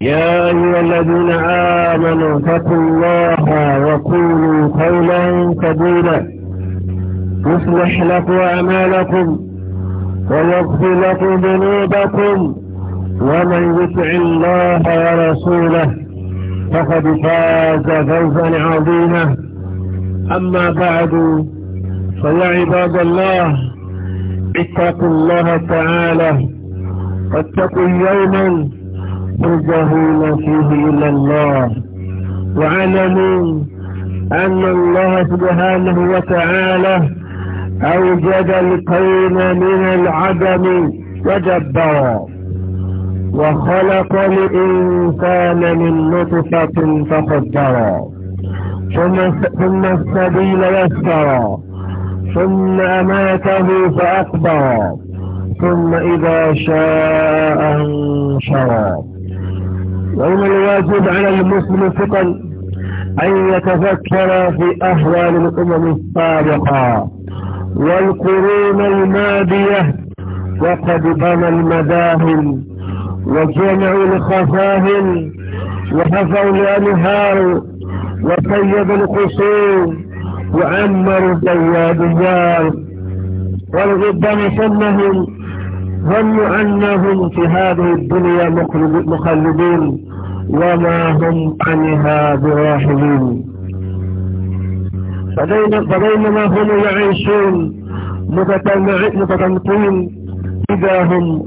يا أيها الذين آمنوا اتقوا الله وقولوا قولا سديدا يصلح لكم أعمالكم ويغفر لكم ذنوبكم ومن يطع الله ورسوله فقد فاز فوزا عظيما أما بعد فيا عباد الله اتقوا الله تعالى واتقوا يوما حفظه ما فيه إلا الله وعلموا أن الله سبحانه وتعالى أوجد الكون من العدم وجبر وخلق الإنسان من نطفة فقدر ثم ثم السبيل يسر ثم أماته فأقبر ثم إذا شاء أنشرا ومن الواجب على المسلم فقا أن يتفكر في أحوال الأمم السابقة والقرون المادية وقد بنى المداهن وجمعوا الخفاهن وحفوا الأنهار وطيبوا القصور وعمروا الدياديات وربما سنهم ظنوا أنهم في هذه الدنيا مخلدون وما هم عنها براحلين فبينما هم يعيشون متطمئين إذا هم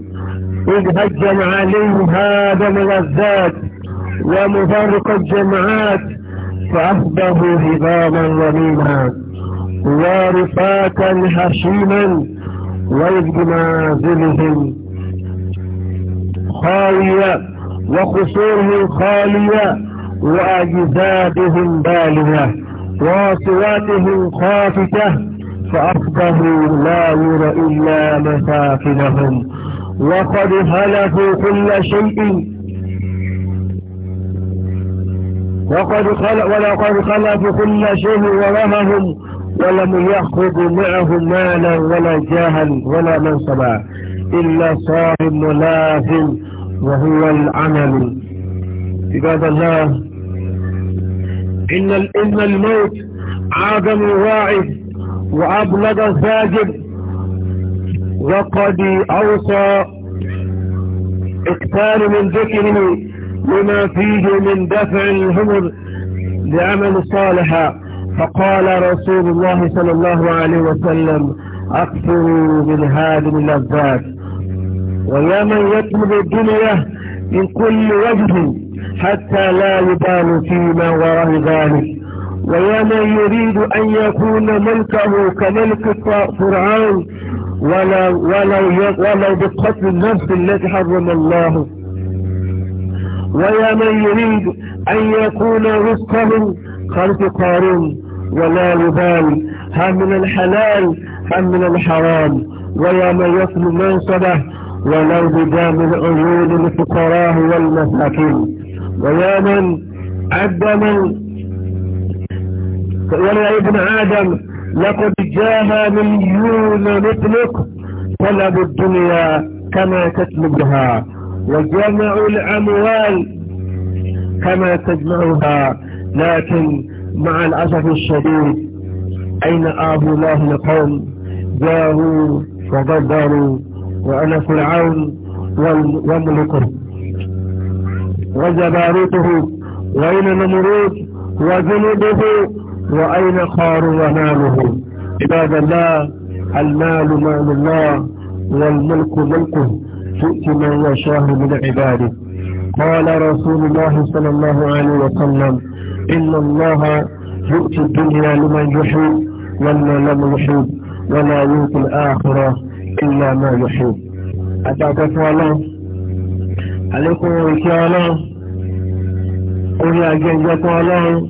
إذ هجم عليهم هذا ملذات ومفرق الجماعات فاخذه هباما رميما ورفاتا هشيما وإذ بمنازلهم خالية وقصورهم خالية وأجزادهم بالية واصواتهم خافتة فأصبحوا لا يرى إلا مساكنهم وقد خلفوا كل شيء وقد خلفوا ولقد خلقوا كل شيء ورمهم ولم يأخذ معه مالا ولا جاها ولا منصبا إلا صاحب ملاف وهو العمل عباد الله إن إن الموت عدم واعد وأبلغ فاجر وقد أوصى اكثار من ذكره لما فيه من دفع الهمر لعمل صالحا فقال رسول الله صلى الله عليه وسلم أكثروا من هذه اللذات ويا من يطلب الدنيا من كل وجه حتى لا يبال فيما وراء ذلك ويا من يريد أن يكون ملكه كملك فرعون ولو, ولو, بقتل النفس التي حرم الله ويا من يريد أن يكون رزقه خلف قارون ولا لبال هم من الحلال هم من الحرام ويا من يصل منصبه ولو بدام العيون الفقراء والمساكين ويا من عد من ويا ابن آدم لقد جاه مليون مثلك طلب الدنيا كما تطلبها وجمعوا الأموال كما تجمعها لكن مع الأسف الشديد أين أبو الله لقوم جاءوا وقدروا وأنا فرعون وملكه وجباروته وأين نمرود وجنوده وأين خار وماله عباد الله المال مال الله والملك ملكه تؤتي من يشاء من عباده قال رسول الله صلى الله عليه وسلم إن الله يؤتي الدنيا لمن يحب ولا لم يحب ولا يؤتي الآخرة إلا ما يحب أتعطف الله عليكم وإكي الله قولي أجنجك الله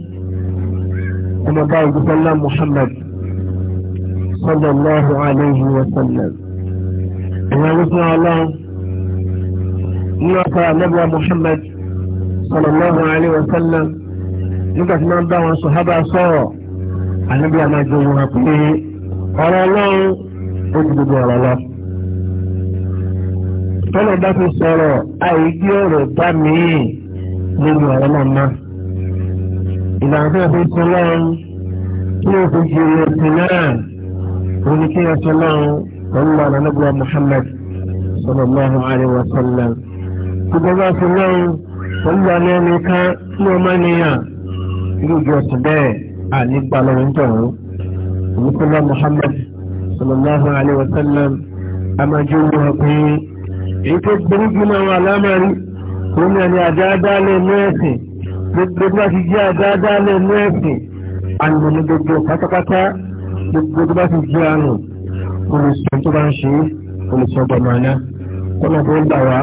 أما بعد صلى محمد صلى الله عليه وسلم أنا رسول الله نعطى نبي محمد صلى الله عليه وسلم nígbà tí máa ń bá wọn sọ hábà sọ̀rọ̀ àníbi àmàjọ wọn pé ọ̀rọ̀ ọlọ́run ó ti gbogbo ọ̀rọ̀ lọ. tọ́lọ̀ bá ti sọ̀rọ̀ àìgbé ọ̀rọ̀ bá mi nínú ọ̀rọ̀ náà má. ìlànà tó fi sọ lọ́run kí o fi ju ẹ̀sìn náà òní kí ẹ sọ lọ́run wọn lọ àná nígbà Muhammad sallallahu alaihi wa sallam. gbogbo bá sọ lọ́run wọn lọ àná ẹnìkan ní ọmọ ènìyàn irú ìjọ ọ̀sìn bẹ́ẹ̀ àní gbà lọ́wọ́ ń tọ̀hún. Ìmúkúnlá Muhammad sallallahu alayhi wa sallam a máa jẹ́ òun hàn pé èyí tó gbẹ́rú gbẹ́rú àwọn alámọ̀rí òun ni àní àdáadáalẹ̀ mẹ́ẹ̀sìn gbogbo bá ti jẹ́ àdáadáalẹ̀ mẹ́ẹ̀sìn àná ní gbogbo pátápátá gbogbo bá ti jẹ́ àrùn olùsọ tó bá ń ṣe olùsọ bọ̀mọ̀ná kọ́nà tó ń gbà wá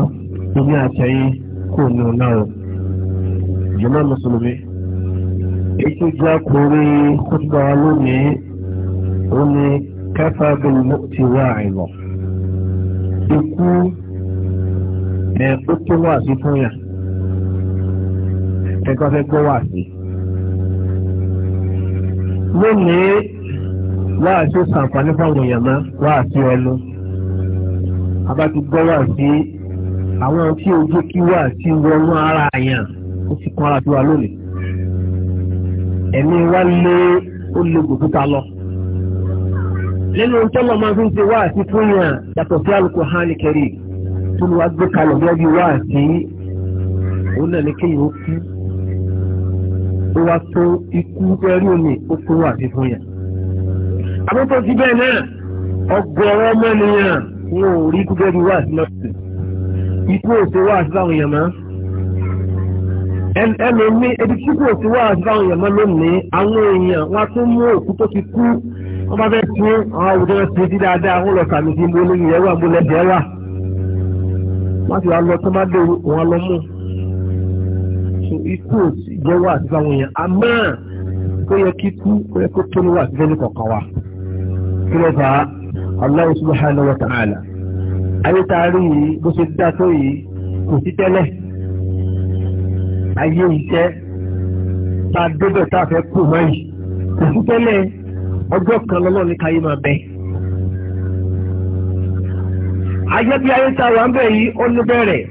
omi àtẹ̀yìn kò nù náà jùmọ̀ mùsùlùmí ètò jẹ́ kórí kútbà lónìí ó ní kẹfà bí mo ti wá àìlọ ikú ẹ̀ ó tó wà sí fún yà ẹ̀kọ́ fẹ́ gbọ́ wà sí lónìí wá sí sàǹfààní fáwọn èèyàn mọ́ wá sí ẹnu abájú gbọ́ wà sí àwọn tí ojú kí wà sí wọnú ara àyàn ó sì kún ara tí wà lónìí. ẹ̀mí wa lé ó lé lọ. nínú tọ́lọ̀ máa fi ń ṣe wáàsí fún yàn yàtọ̀ sí Al-Qur'ani Karim tó ló wá gbé kalẹ̀ lọ́bí wáàsí òun náà ní kéèyàn ó kú ó wá tó ikú omi ó kó wáàsí fún yàn. àbúkọ sí bẹ́ẹ̀ náà ọgọ́rọ́ ọmọ wọn ò rí wáàsí ikú láwọn ẹnu ní ebi tí kò sí wà sí àwọn èèyàn mọ́ lónìí àwọn èèyàn wọn tún mú òkú tó ti kú wọn bá fẹ́ tún àwọn àwùjọ náà ti di dáadáa wọn lọ sàmì sí mo lóyún ẹwà mo lẹ́bẹ̀ẹ́ wà wọn ti wá lọ tó má dé wọn lọ mú ikú ìjẹ́ wà sí àwọn èèyàn àmọ́ ó yẹ kí kú ó yẹ kó tó ní wà sí fẹ́ẹ́ ní kọ̀ọ̀kan wa kí ló fà á Allahu subhanahu wa ta'ala ayé tá a rí yìí bó ṣe dá tó yìí kò sí tẹ́lẹ̀ ayé iṣẹ́ tá a débẹ̀ tá a fẹ́ kú mọ́ yìí kò sí tẹ́lẹ̀ ọjọ́ kan lọ́nà ní káyé máa bẹ. ayé bí ayé tá a wà ń bẹ̀ yìí ó ní bẹ̀rẹ̀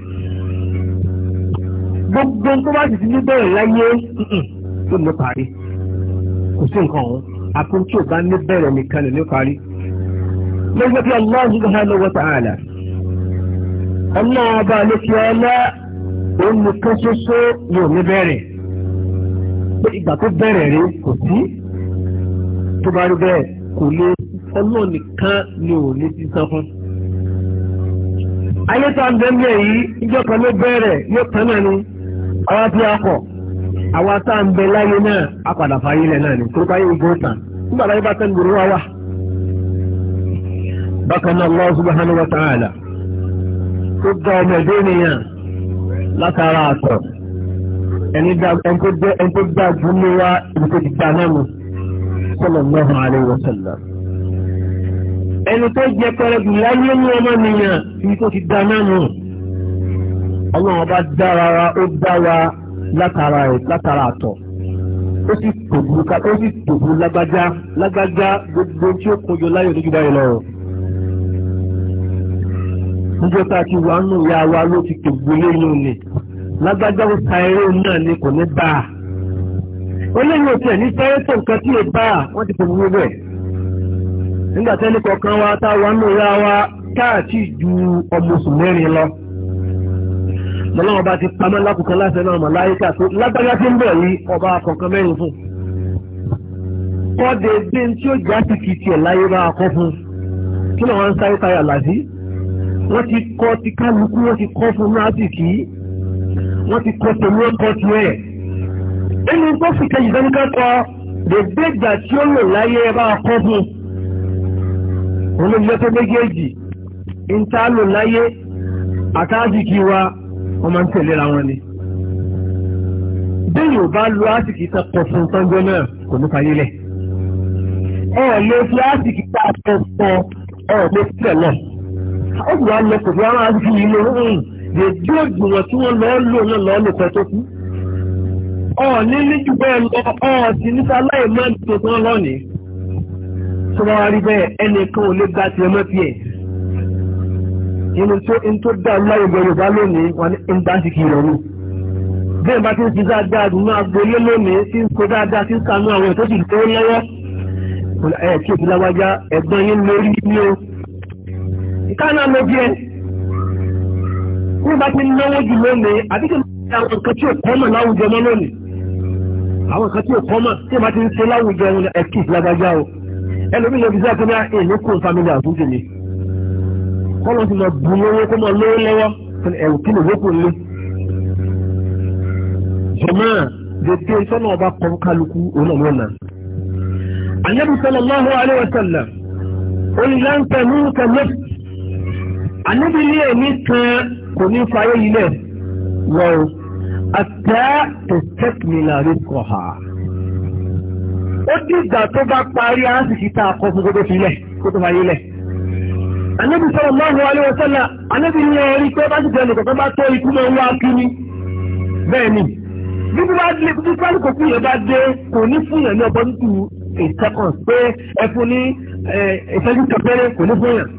gbogbo tó bá sì ti ní bẹ̀rẹ̀ láyé tó ní parí kò sí nǹkan ọ̀hún àkóńtì ò bá ní bẹ̀rẹ̀ nìkan ní parí. lọ́jọ́ bí Allah subhanahu wa ta'ala ọlọ́ọ̀ba ló fi ọlá. òun nìkan ṣoṣo ni òun bẹ̀rẹ̀ pé ìgbà tó bẹ̀rẹ̀ rí kò sí tó bá rí bẹ́ẹ̀ kò lè ọlọ́ọ̀ nìkan ni òun lè ti fún. ayé a ń ìjọ a àwa ni bá yẹ tán nígbà láyé wà. bákan náà wa ta'ala látara àtọ̀ ẹni tó dájú ló wá ìdíkò ti dáná mu sallallahu alaihi wasallam. ẹni tó jẹ pẹrẹgù láyé ní ọmọnìyàn ibi tó ti dáná mu ọlọ́run ọba dára ó dá wa látara àtọ̀ ó sì tòbú ó sì tòbú lágbájá lágbájá gbogbo tí ó kojú láyò lójú báyìí lọ. níjọ́ tá a ti wà nù ìyá wa ló ti tòbú lẹ́yìn òní lágbájá ó ta eré náà ni kò ní bá a olóyìn òtún ẹ̀ ní sẹ́yẹ́ tó nǹkan tí ì bá a wọ́n ti fòmù gbogbo ẹ̀ nígbà tẹ́lẹ̀ kọ̀ọ̀kan wa tá a wà nù ra wa káàtì ju ọmọ oṣù mẹ́rin lọ lọ́lọ́wọ́ bá ti pamọ́ lákùnkan láti náà màláyíkà tó lágbájá tí ń bọ̀ yìí ọba kọ̀ọ̀kan mẹ́rin fún kọ́de bí n tí ó já sí kìí tiẹ̀ láyé bá a kọ́ fún kí ló wọn ń sáré tayà làdí wọ́n ti kọ́ ti kálukú wọ́n ti kọ́ fún náà sì kìí wọ́n ti kọ́ tèmi ó kọ́ tiẹ̀. ẹni tó fi kẹyìn sẹ́ni kẹ́kọ̀ọ́ gbègbè ìgbà tí ó lò láyé ẹ bá kọ́ fún un olóyè tó méjèèjì níta lò láyé àtàzìkì wa wọ́n máa ń tẹ̀lé ra wọn ni. bẹ́ẹ̀ yóò bá lo àsìkì tán pọ̀ fún sanjọ́ náà kò ní fàyè lẹ̀. ẹ ẹ̀ lè fi àsìkì tá a pọ̀ pọ̀ ẹ̀ ẹ̀ lè fi tẹ̀ lọ. ó sì wá lọ kò fi àwọn àsìkì yìí lò dèjú ògbìyàn tí wọ́n lọ́ọ́ lò náà lọ́ọ́ lò pẹ́ tó kú ọ̀ọ́ni níjú bẹ́ẹ̀ lọ ọ̀ọ́sì níta láì má dìbò tán lọ́ọ̀ni tó bá wá rí bẹ́ẹ̀ ẹnìkan ò lè gba tiẹ̀ mọ́ tiẹ̀ inú tó ń tó dá láwùjọ Yorùbá lónìí wọn ń bá sì kì í lọ́rùn bẹ́ẹ̀ bá ti ń fi dáadáa dùn máa gbolé lónìí tí ń kó dáadáa tí ń kanú àwọn ètò ìdìbò lọ́wọ́ ẹ̀ kí òfin láwájá ẹ̀gbọ́n yín lórí ní o ìkànnà lóbi bí bá ti náwó jù lónìí àbí kí ní àwọn nǹkan tí ò kọ́mọ̀ láwùjọ mọ́ lónìí àwọn nǹkan tí ò kọ́mọ̀ tí ìbá ti ń ṣe láwùjọ ẹ̀kí lágbájá o ẹlòmíì lọ́bi sẹ́kọ́ ní èmi kò family àbújò ni kọ́lọ́ ti lọ bu lówó kó mọ lówó lọ́wọ́ ẹ̀rù kí lè lókun lé jọmọ́ dèdè sọ́nà ọba kọ́ kálukú onímọ̀nà Ànábì kò ní fayé ilẹ̀ wọ́n àtẹ́ tẹ̀sẹ̀kìmìlà rí kọ̀ ha. ó dìgbà tó bá parí àásìkí tá a kọ fún kó tó fi ilẹ̀ kó tó fayé ilẹ̀. Ànábì sallallahu alaihi wasallam Ànábì ní ẹ̀rí pé bá ti tẹ̀lé kọ̀ọ̀kan bá tó ikú mọ́ wá kí ni bẹ́ẹ̀ ni bí bí bá lè bí bá lè kó fún yẹn bá dé kò ní fún yẹn ní ọgbọ́n nítú ìtẹ́kàn pé ẹ fún ní ìfẹ́jú kẹfẹ́rẹ́ kò ní fún yẹn.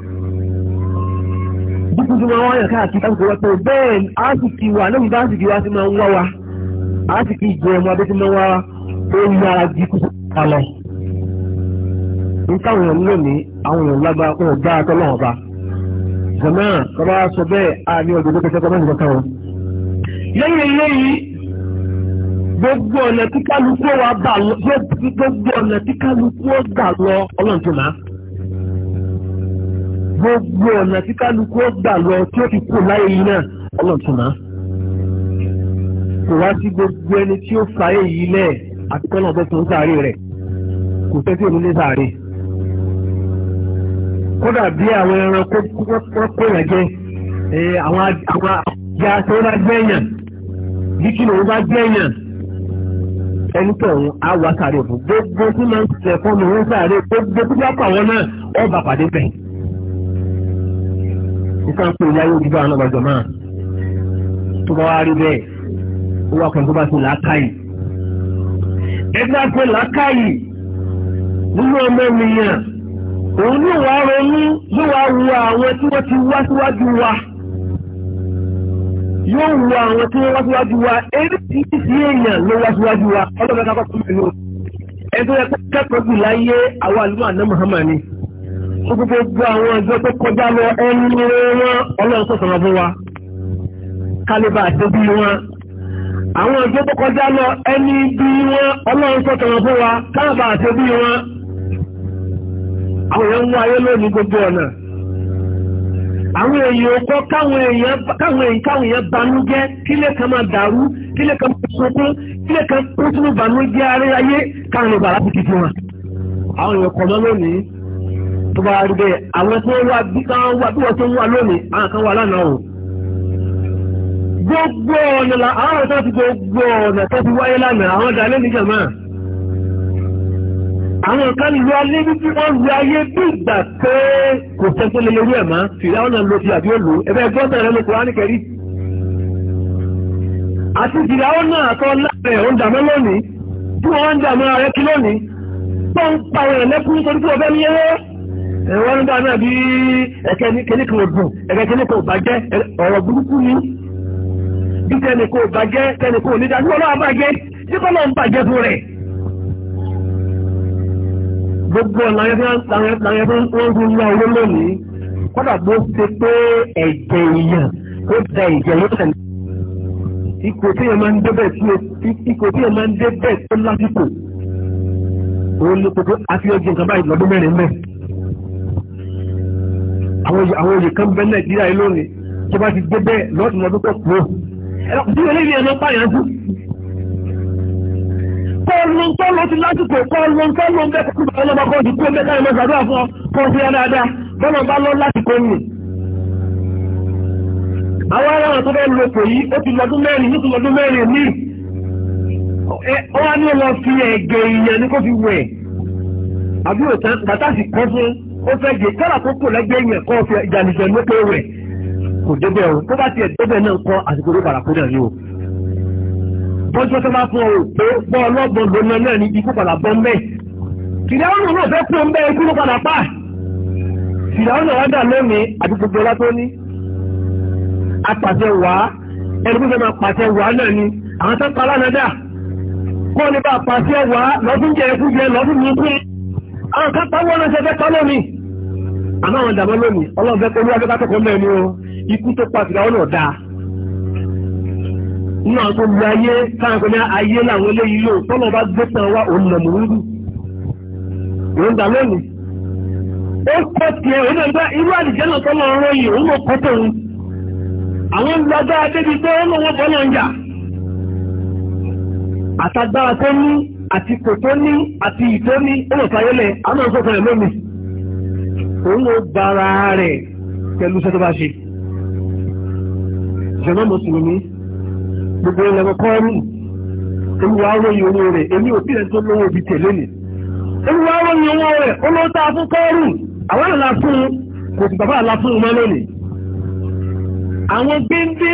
bíkú tí wọ́n wáyàn káàkiri táwọn kò wá bẹ́ẹ̀ aásìkì wà lóbi bá wá sí máa ń wá wa aásìkì jẹ ọmọ abẹ́ máa ń lọ. n táwọn lónìí àwọn èèyàn lágbára kó gbá atọ́ lọ́wọ́ bá. jọ̀mọ́ sọ bẹ́ẹ̀ a ní ọdún tó mẹ́rin wọn. lẹ́yìn gbogbo ọ̀nà tí kálukú gbogbo ọ̀nà tí kálukú gbà lọ tí ó fi kú láyé yìí náà ọlọ́túnmá kò wá sí gbogbo ẹni tí ó fa ayé yìí lẹ̀ àti kọ́nà ọ̀bẹ tó ń sáré rẹ̀ kò fẹ́ sí onílé sáré kódà bí àwọn ẹranko wọ́n kó yàn jẹ àwọn ajá tí wọ́n bá gbẹ́ yàn bí kí lòun bá gbẹ́ yàn ẹni tó ń awà sáré fún gbogbo tí wọ́n ń sẹ̀ fún mi wọ́n sáré gbogbo tí wọ́n pa wọn náà ọba pàdé bẹ́ẹ̀ nǹkan pé ìyá yóò gbígbà náà bàjọ́ máa tó bá wá rí bẹ́ẹ̀ ó wà kan tó bá ti làákàyè ẹgbẹ́ pé làákàyè nínú ọmọ ènìyàn òun ní wàá ronú ló wàá wu àwọn tí wọ́n ti wá síwájú wa yóò wu àwọn tí wọ́n wá síwájú wa eré tí kì í sí èèyàn ló wá síwájú wa ọlọ́mọdé akọ́kọ́ mi lò ẹgbẹ́ kẹ́kọ̀ọ́ jù láyé àwọn àlùmọ́ àná Muhammad ni. gbogbo àwọn ẹjọ́ tó kọjá lọ ẹni wọn ọlọ́run tó sọ̀rọ̀ fún wa kálíbà tó bí wọn àwọn tó kọjá lọ ẹni bí wọn ọlọ́run tó sọ̀rọ̀ fún wa kálíbà wọn àwọn èèyàn ń wáyé lónìí gbogbo ọ̀nà àwọn èèyàn kọ́ káwọn èèyàn káwọn èèyàn káwọn èèyàn banújẹ́ tó bá rí bẹ́ẹ̀ àwọn tí wọ́n wá bí wọ́n wá bí wọ́n ti ń wá lónìí àwọn kan wà lánàá o gbogbo ọ̀nà la àwọn tó ti gbogbo ọ̀nà tó ti wáyé lánàá àwọn dalẹ́ níjà máa àwọn kan lu alé bíbí wọ́n lu ayé bí ìgbà pé kò sẹ́kẹ́ lé lórí ẹ̀ máa fìlà ọ̀nà lo àbí òlò ẹ̀fẹ́ gbọ́dọ̀ rẹ ló kúrá nìkẹ́rí àti fìlà ọ̀nà àtọ́ láàrẹ̀ ó ń dàmọ́ lónìí tí wọ́n ń dàmọ́ ara rẹ kí lónìí tó ń pa ẹ̀rẹ̀ lẹ́kún nítorí pé ọbẹ̀ ní ẹrẹ́ wọ́n nígbà náà bí ẹ̀kẹ́ ní kíní kan ògùn ẹ̀kẹ́ kíní kan òbàjẹ́ ọ̀rọ̀ burúkú ni bí tẹ́ni kò bàjẹ́ tẹ́ni kò nídà tí wọ́n náà bàjẹ́ tí kọ́ náà ń bàjẹ́ fún rẹ̀. gbogbo làwọn ẹgbẹ́ wọn fi ń lọ owó lónìí kọ́dà bó ṣe pé ẹ̀jẹ̀ èèyàn ó da ìjẹ́ lọ́sẹ̀ ní ipò tí yẹn máa ń débẹ̀ tó lásìkò òun ni kò tó àfihàn jẹ nǹkan báyìí lọ́dún mẹ́rin mẹ́rin àwọn oyè kan bẹ́ nàìjíríà yìí lónìí tó bá ti gbé bẹ́ẹ̀ lọ́ọ̀tì mọ́ dúpọ̀ kúrò bí eléyìí ẹ̀rọ pààyàn fún. kọ́ọ̀lù tọ́lù ti lásìkò kọ́ọ̀lù tọ́lù bẹ́ẹ̀ kọ́ọ̀lù bá lọ́ba kọ́ ti kú mẹ́ta ẹ̀mọ́ sàdúrà fún ọ kọ́ sí ẹ dáadáa bọ́lọ̀ bá lọ lásìkò nì. àwọn ará wọn tó bẹ́ẹ̀ lo pò yìí ó ti lọ́dún mẹ́rin ní ti lọ́dún mẹ́rin ní. ó wá ní ọmọ fi ẹ̀gẹ̀ ìyẹn ní kó fi wẹ̀ àbúrò tán bàtà sì kọ́ fún ó fẹ́ jẹ kára tó kò lẹ́gbẹ́ yẹn kọ́ fi ìjànìjẹ lókè rẹ̀ kò débẹ̀ o tó bá tiẹ̀ débẹ̀ náà kọ́ àsìkò ló bàrà kó dà ní o. bọ́jú tó bá fún ọ pé bọ́ ọlọ́gbọ̀n gbóná náà ní ikú padà bọ́ mbẹ́. ìdáhùn náà fẹ́ kú mbẹ́ ikú ló padà pa. ìdáhùn náà wá dà lónìí àti gbogbo ọlá tó ní. apàṣẹ wà á ẹni tó fẹ́ máa pàṣẹ wà á náà ni àwọn tó pa lánàá dà. kọ́ni bá pàṣẹ wà á lọ́dún jẹ ẹkú jẹ lọ́dún mi kú. àwọn kata táwọn ọ̀nà ṣe fẹ́ pa lónìí àmọ́ ìdàmọ́ lónìí ọlọ́run fẹ́ o ikú tó pa nínú àwọn tó lu ayé ní ayé làwọn eléyìí tọ́lọ̀ bá gbé wá òun mú òun dà lónìí ó tiẹ̀ òun náà irú àdìjẹ́ náà tọ́lọ̀ òun ló kọ́ ń àti kò tó ní àti ìtó ní ọlọ́sàáyẹ́lẹ̀ àwọn ọ̀sọ̀fẹ́ rẹ̀ lónìí òun ló bara rẹ̀ pẹ̀lú iṣẹ́ tó bá ṣe jọ̀nà mùsùlùmí gbogbo ìlànà kọ́ọ̀rù olùwà ròyìn owó rẹ̀ èmi ò bílẹ̀ tó lówó ibi tẹ̀lé ni olùwà ròyìn owó rẹ̀ olówó tá a fún kọ́ọ̀rù àwọn ìlànà fún kò sì bàbá àlá fún un mọ́ lónìí àwọn géńdé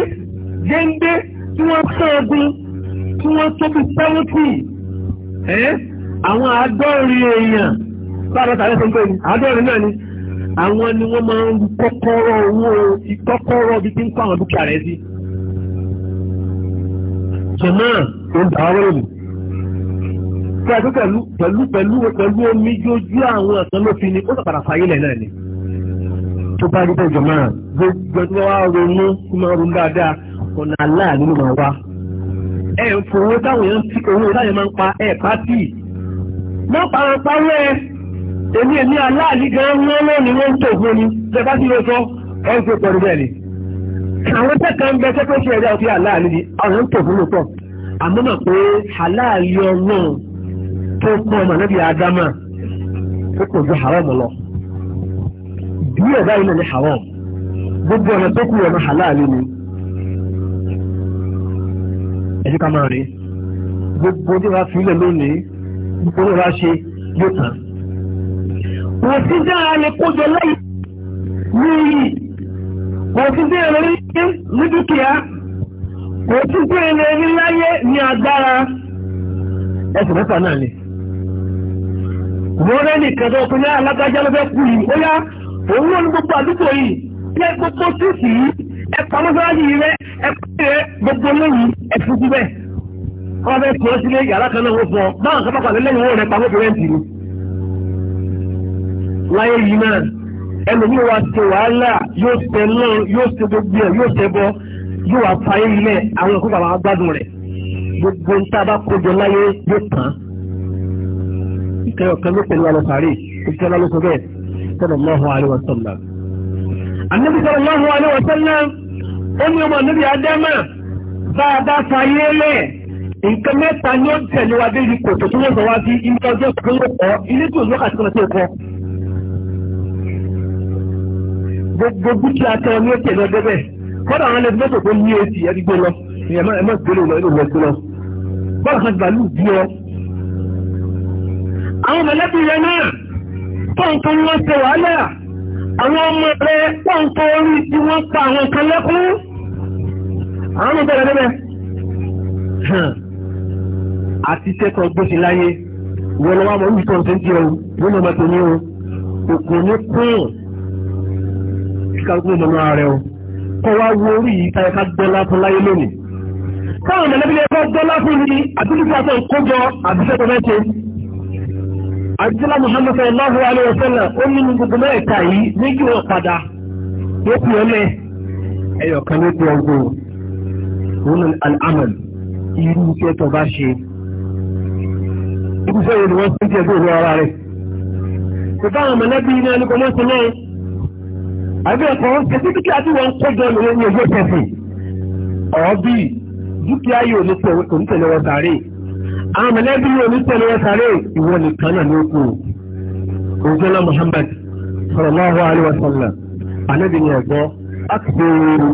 géńdé tí wọ́n sọ ogun tí wọ́n tóbi sẹ́wọ́tì àwọn àádọ́rin èèyàn sáàdọ́ta lẹ́sọ̀ ń pè àádọ́rin náà ni àwọn ni wọ́n máa ń kọ́kọ́rọ́ owó ìkọ́kọ́rọ́ bí tí ń kọ́ àwọn dúkìá rẹ̀ sí. jọ̀mọ́ ò ń dàwọ́ pẹ̀lú pẹ̀lú pẹ̀lú omi jójú àwọn ọ̀sán ló fi ni ó sàpàdà fàyè lẹ̀ náà ni. tó bá rí bẹ́ẹ̀ jọ̀mọ́ wa ronú kí máa ronú dáadáa ọ̀nà ẹ̀ ń fowó táwọn èèyàn ti owó táwọn èèyàn máa ń pa ẹ̀ pátì. má parapa wẹ́ ẹ èmi èmi aláàlí gan wọ́n lónìí wọ́n ń tò fún mi ṣe bá ti lọ sọ ẹ̀ ń fi pọ̀ níbẹ̀ ni. àwọn tẹ́ka ń bẹ sẹ́kọ̀ọ́ sí ẹ̀dá ọ̀fẹ́ aláàlí ni àwọn ń tò fún mi pọ̀ àmọ́ mà pé aláàlí ọ̀nà tó pọ̀ mọ̀lẹ́bí adama ó kò ju haram lọ. bí ẹ̀dá yìí náà ní haram gbogbo ọ̀nà tó kù ọ̀nà aláàlí ni ẹ̀jẹ̀ ká máa rí gbogbo tí wàá fi ilẹ̀ lónìí gbogbo tí wàá ṣe yóò tán. wọ́n ti dára ní kójọ lẹ́yìn ní iyì wọ́n ti dára ní ní dúkìá wọ́n ti dára ní láyé ní agbára ẹsẹ̀ mẹ́fà náà ni. wọ́n rẹ́ nìkan tó kún ní alágbájá ló fẹ́ kú yìí ó yá òun ló ní gbogbo àdúgbò yìí bí ẹ gbogbo sísì yìí ẹ̀pà mọ́sálásí yìí rẹ̀ ẹ̀pẹ́ gbogbo lóyún ẹ̀fúkú bẹ́ẹ̀ wọ́n fẹ́ kó sílé yàrá kan náà wọ́n fọ́ báwọn kan pàpàdé lẹ́yìn owó rẹ̀ pamọ́ fẹ́rẹ́ tì ní. láyé yìí náà ẹlòmíì wa ṣe wàhálà yóò ṣe náà yóò ṣe gbogbo ẹ̀ yóò ṣe bọ́ yóò wá fa ayé ilẹ̀ àwọn ẹ̀kọ́ bàbá gbádùn rẹ̀ gbogbo ń tá a bá kójọ láyé yóò tán. ìkẹyọ̀ kan ló pẹ̀lú alọ́sàárè ìkẹyọ̀ kan ló sọ bẹ́ẹ̀ sọ́dọ̀ mọ́ Ànábì sallallahu alaihi wa sallam ó ní ọmọ níbi Ádámà dáadáa fàyé lẹ̀ nǹkan mẹ́ta ni ó tẹ̀lé wa débi kòtò tó wọ́n sọ wá sí ilé ọjọ́ kan ló kọ́ ilé tó lọ́kàtí kan tó kọ́. Gbogbo dúkìá tẹ ọ ní ó tẹ̀lé ọdẹ bẹ́ẹ̀ kọ́dà àwọn ẹlẹ́dẹ́ mọ́tò tó ní èsì ẹni gbé lọ ẹ má gbé lọ ìlú ọ̀gbẹ́ lọ bọ́ọ̀lù kan gbàlú bí ọ. Àwọn mọ̀lẹ́bí yẹn náà tó nǹkan wọn ṣe wàhálà àwọn ọmọ rẹ̀ pọ̀n tó orí tí wọ́n pa àwọn kan lẹ́kún àwọn ìbẹ̀rẹ̀ bẹ́bẹ̀ àti tẹ́kọ̀ gbóṣe láyé wọ́n lọ́wọ́ mọ̀ ní ìtọ́ ṣe ń jẹ́ ohun wọ́n lọ́mọ tó ní ohun òkú ní kún kíkàgbó mọ̀nà ààrẹ o kọ́ wá wo orí yìí táyẹ ká gbọ́lá fún láyé lónìí táwọn ìdẹ̀lẹ́bí lè fọ́ gbọ́lá fún ní àbílẹ̀ àdìsílá Muhammad sallallahu alayhi ó ní gbogbo mẹ́ta yìí méjì wọn padà ló kù ọlẹ ẹyọ kan ló kù ọgbọ òun ní al irú iṣẹ́ tó bá ṣe ibùsọ̀ yìí ni wọ́n ti ń tẹ̀ gbòòrò ara rẹ̀ kò àwọn mọ̀lẹ́bí ní ẹni kò náà àbí ẹ̀kọ́ wọn ṣe dúkìá tí wọ́n kó jọ lórí ẹgbẹ́ tẹ̀sìn ọ̀ọ́bì dúkìá yìí ò ní tẹ̀lé wọn sàárè àwọn mẹ̀lẹ́bí yóò ní tẹ̀lé wọn sáré ìwọ nìkan náà ló kù òjòlá Muhammad sallallahu alaihi wasallam ànábì ni ẹ̀gbọ́ akpọ̀ọ̀rọ̀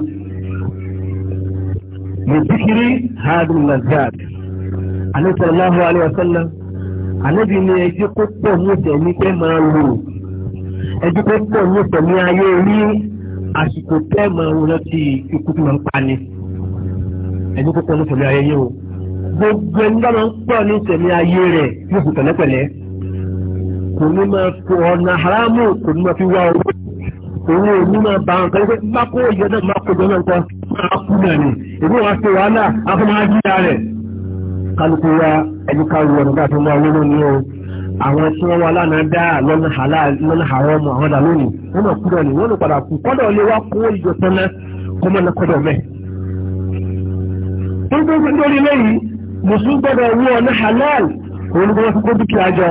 lùdíkiri hadu nazad ànábì sallallahu alaihi wasallam ànábì ni ẹjẹ́ kó pọ̀ ní tẹ̀mí tẹ́ máa lò ẹjẹ́ kó pọ̀ ní tẹ̀mí ayé rí àsìkò tẹ́ máa wọlé ti ikú tó máa ń pa ni ẹjẹ́ kó pọ̀ ní tẹ̀mí ayé yẹn gbogbo ẹni bá máa ń pọ̀ ní ìtẹ̀mí ayé rẹ̀ ní kù pẹ̀lẹ́pẹ̀lẹ́ kò ní máa fi ọ̀nà haramu kò ní máa fi wá owó òun ò ní máa bá nǹkan pé má kó ìyẹn náà má kó ìyẹn náà nǹkan máa kú náà ni èmi wàá ṣe wàhálà afọmájíra rẹ̀ kálukú wa ẹni ká lu ọ̀nà káfí máa lónìí ni o àwọn tí wọ́n wá lánàá dá lọ́nà àwọn ọmọ àwọn dà lónìí wọ́n náà kú náà ni wọ́n lè padà kú kọ́dọ̀ lè wá kó ìjọ tán náà kọ́mọ́ náà kọ́dọ̀ mẹ́. tó ń tó ń lórí lẹ́yìn mùsùlùmí gbọ́dọ̀ wú ọ̀nà halal òun ni wọ́n fi kó dúkìá jọ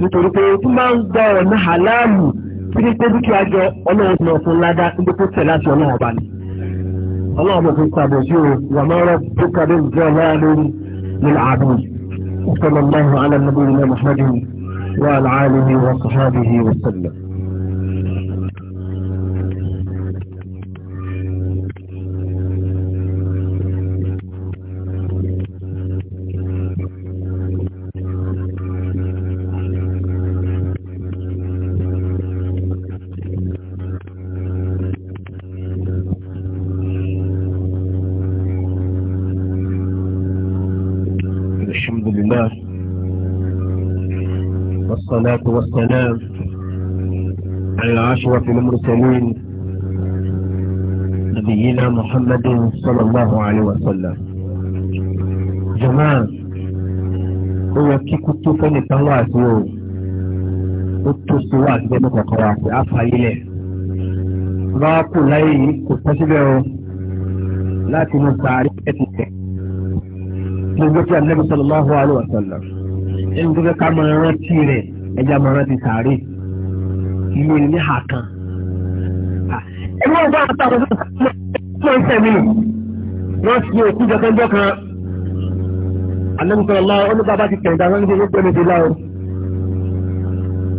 nítorí pé tí máa ń gba ọ̀nà halálù tí ní kó dúkìá jọ ọlọ́run náà fún ládá níbi tó tẹ̀ láti ọlọ́run ọba ni. ọlọ́run bọ̀ fún sàbẹ̀jú o wà máa rọ tó kàdé ìjọ náà lórí nínú àbí وصلى الله على نبينا محمد وعلى اله وصحبه وسلم والصلاة والسلام على أشرف المرسلين نبينا محمد صلى الله عليه وسلم جماعة هو كي كنت فني تواس يوم كنت سواك بمك وقرأت أفا إليه ما أقول لي كنت تشبه لكن التعريف أتنك من قبل النبي صلى الله عليه وسلم إن gbé ká máa rántí ẹja mọ̀ rántí sàárè ìlú ní ha kan. ẹgbẹ́ ọgbà àtàwọn ọmọ ìṣẹ́ mi wọ́n fi òkú jọkẹ́jọ́ kan alẹ́mùsọ̀rọ̀ láwọn oníbàbá ti kẹ̀ǹdà wọn níbi gbẹ́mí ti láwọn.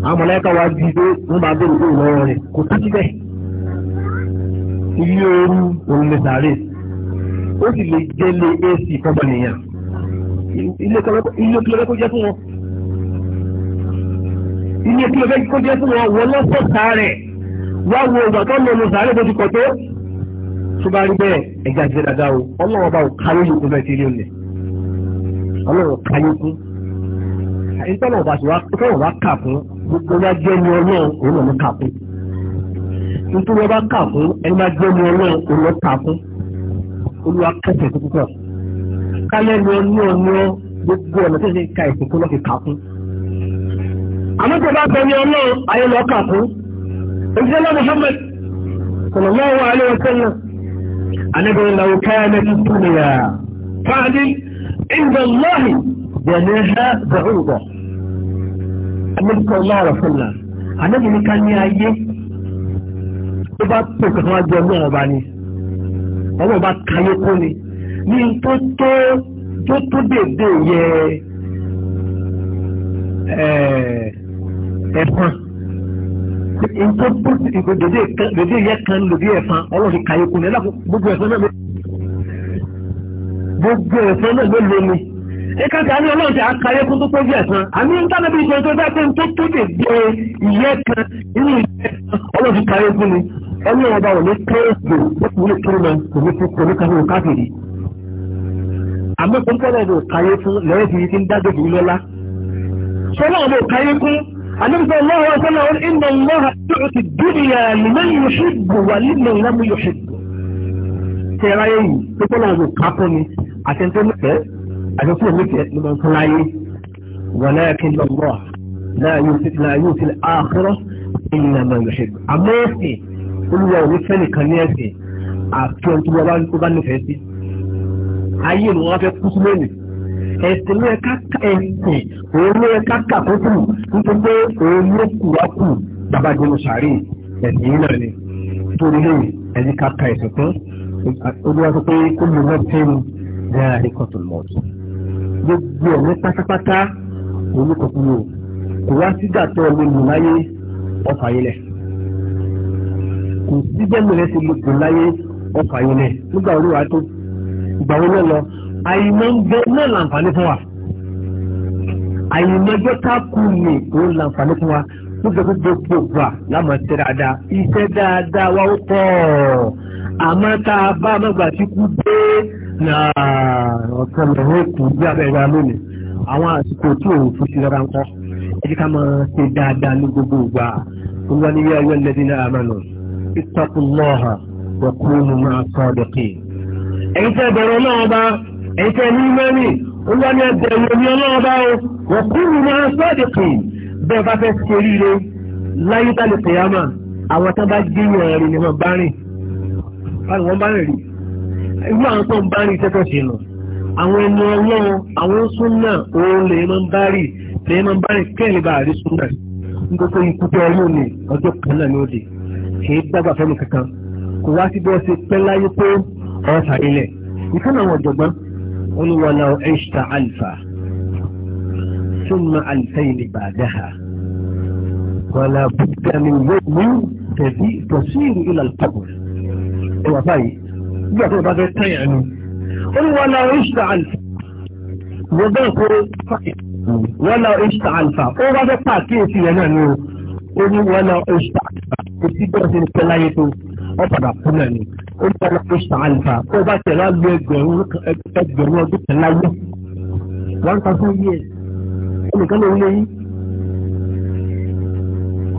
àwọn mọ̀lẹ́kà wa di pé wọ́n bá bẹ̀rẹ̀ pé ìlọ́wọ́ rẹ̀ kò tó síbẹ̀. ilé ooru òun lè sàárè ó sì lè jẹ́ lé ac fọ́bọ̀nìyàn ilé kílọ́dẹ́ kó jẹ́ fún wọn iye tí o fẹ́ kó jẹ́ fún wọn wọ́n lọ́sọ̀ sáré wá wo ìgbà tó lọ lọ sáré bójú kọ tó tó bá rí bẹ́ẹ̀ ẹ̀jẹ̀ àti dada o ọlọ́wọ́ bá o kárí yòókù bẹ́ẹ̀ ti rí òní ọlọ́wọ́ kárí kú ìtọ́nà ọba sì wá tọ́nà ọba kà fún gbogbo bá jẹ́ ní ọlọ́run òun lọ́mọ kà fún nítorí ọba kà fún ẹni bá jẹ́ ní ọlọ́run òun lọ́ kà fún olúwa kẹsẹ̀ tó púpọ̀ kálẹ̀ ní ọ àmọ́ tó bá bẹ ní ọlọ́run ayé lọ kà fún ẹgbẹ́ lọ́wọ́ Muhammad sallallahu alaihi wasallam anábẹ́rẹ́ làwọn káyà náà ti tún ní yà fáàdì ìgbà lọ́hì yẹ̀lẹ́ ha bẹ̀rùbọ̀ anábẹ́rẹ́ lọ́wọ́ sọ́nà anábẹ́rẹ́ ká ní ayé tó bá tó kàn wá jọ tó tó tó yẹ ẹ̀ẹ́ ẹ̀fọn nǹkan bó ti ìgò dèdè yẹ kan lòdì ẹ̀fọn ọlọ́run kàyékù ní ẹ̀láfọ gbogbo ẹ̀fọn náà gbogbo ẹ̀fọn náà ló lé mi ẹ̀ka tí a ní ọlọ́run ti àkàyékù tó tóbi ẹ̀fọn àmì nítorí bí ìṣòro tó bá pé tó tó lè gbé ìyẹ́ kan inú ìyẹ́ ọlọ́run kàyékù ni ọlọ́run ọba ò ní kéré ó kò ní kéré náà kò ní kó ní kàwé káfíìrì àmọ́ kó النبي صلى الله عليه وسلم يقول إن الله يعطي الدنيا لمن يحب ولمن لم يحب tẹ́ráyé yìí tó tó náà lò kápọ́ ni àtẹ̀ntẹ́ mẹ́tẹ́ àtẹ̀tẹ́ mẹ́tẹ́ ló máa ń fún láyé wọlé kí ló mọ́ láàyò sí àkúrọ́ ìlànà máa yọ̀ ṣe. àmọ́ ẹ̀sìn olúwa òní fẹ́ni kan ní ẹ̀sìn àti ẹ̀sìn ló ẹ̀ka ẹ̀sìn òun ló ẹ̀ka kàkókò nítorí pé òun bàbá jẹun sàárè ẹ̀sìn yìí náà ni torí lè ẹ̀yìn ká ka ẹ̀sìn tán olúwa sọ pé kó lè lọ sí ẹnu dára ní kọ́tù mọ́ọ̀tù gbogbo ẹ̀mí pátápátá òun ló kọ̀kú yòó kò wá sí dàtọ̀ lè lò láyé ọ̀fà yìí lẹ̀ kò sí bẹ́ẹ̀ mìíràn ti lè láyé ọ̀fà yìí lẹ̀ nígbà olúwa tó ìgbà náà lọ àyìnbó ń bẹ náà làǹfààní fún wa àyìnbó ẹjọ́ ká kú ni òun làǹfààní fún wa ó jẹ́ gbogbo gbogbo à lámà ṣe dáadáa iṣẹ́ dáadáa wa ó pọ̀ àmọ́ tá a bá mọ́gbà tí kú dé náà ọ̀sẹ̀ lọ́wọ́ kù bí abẹ́rẹ́ wa lónìí àwọn àsìkò tí òun fi sí rárá ń kọ́ ẹ jẹ́ ká máa ṣe dáadáa ní gbogbo ìgbà fún wa ní yá ayọ́ lẹ́dínlẹ́ àmàlà ittaqullaha wa kunu ma'a sadiqin ẹ̀yin tẹ́ bẹ̀rẹ̀ náà bá ẹ̀tẹ́ ní mẹ́rin olúwa ni ẹgbẹ̀rún omi ọlọ́run bá o wọ́n kúrò máa sọ́ọ̀dì pè bẹ́ẹ̀ bá fẹ́ ṣe oríire láyé tàbí pèyàmà àwọn tán bá gbé yàn rìn ni wọ́n bá rìn wọ́n bá rìn rí àwọn tó ń bá rìn tẹ́tọ̀ lọ àwọn ẹni àwọn súnà òun lè máa bá rìn lè máa bá rìn kẹ́ẹ̀lì bá rí súnà nítorí ikú ní ọjọ́ kan náà ní òde olúwa náà ẹ̀ṣtà alfa súnmọ́ alfẹ́yìn ìbàdáhà wàlá bùdàmì wọ́n tẹ̀sí tẹ̀síìrì ìlàlùpàbù ẹwà báyìí nígbà tó bá fẹ́ tẹ̀yà ni olúwa náà ẹ̀ṣtà alfa wọ́n bẹ́ẹ̀ kó fàkì wọ́n náà ẹ̀ṣtà alfa ó bá fẹ́ pàkíyèsí rẹ̀ náà ni ó ní wọ́n náà ẹ̀ṣtà alfa kò sí bẹ́ẹ̀ sí ní pẹ́láyé tó ọ padà kú náà ni ó tọ́lá tó sàálùfà tó bá tẹ̀lé àlọ́ ẹgbẹ̀rún ẹgbẹ̀rún ọdún kan láyé one thousand years ẹnìkan ló ń lé yín.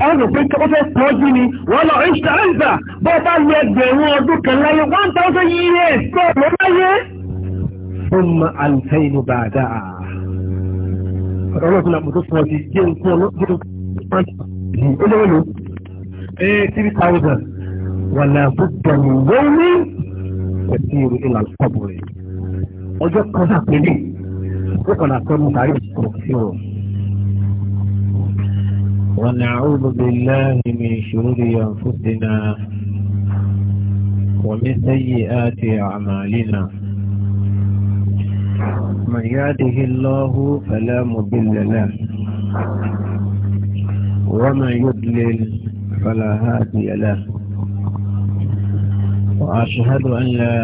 ọ̀rọ̀ pé ó fẹ́ pọ́jú ni wọ́n lọ ìṣàlùfà bó bá lọ ẹgbẹ̀rún ọdún kan láyé one thousand years tó lọ láyé. fún ma àlùfẹ́ inú bàdà. ọ̀rọ̀ ọ̀gbìn àmọ̀tò fún ọ ti jẹ́ nǹkan ọlọ́gbìn ó lọ́wọ́ lò. eighty thousand. ولا بد من يوم يسير الى القبر ọjọ́ kan وقنا كن kàn á ونعوذ بالله من شرور أنفسنا ومن سيئات أعمالنا من يهده الله فلا مضل له ومن يضلل فلا هادي له وأشهد أن لا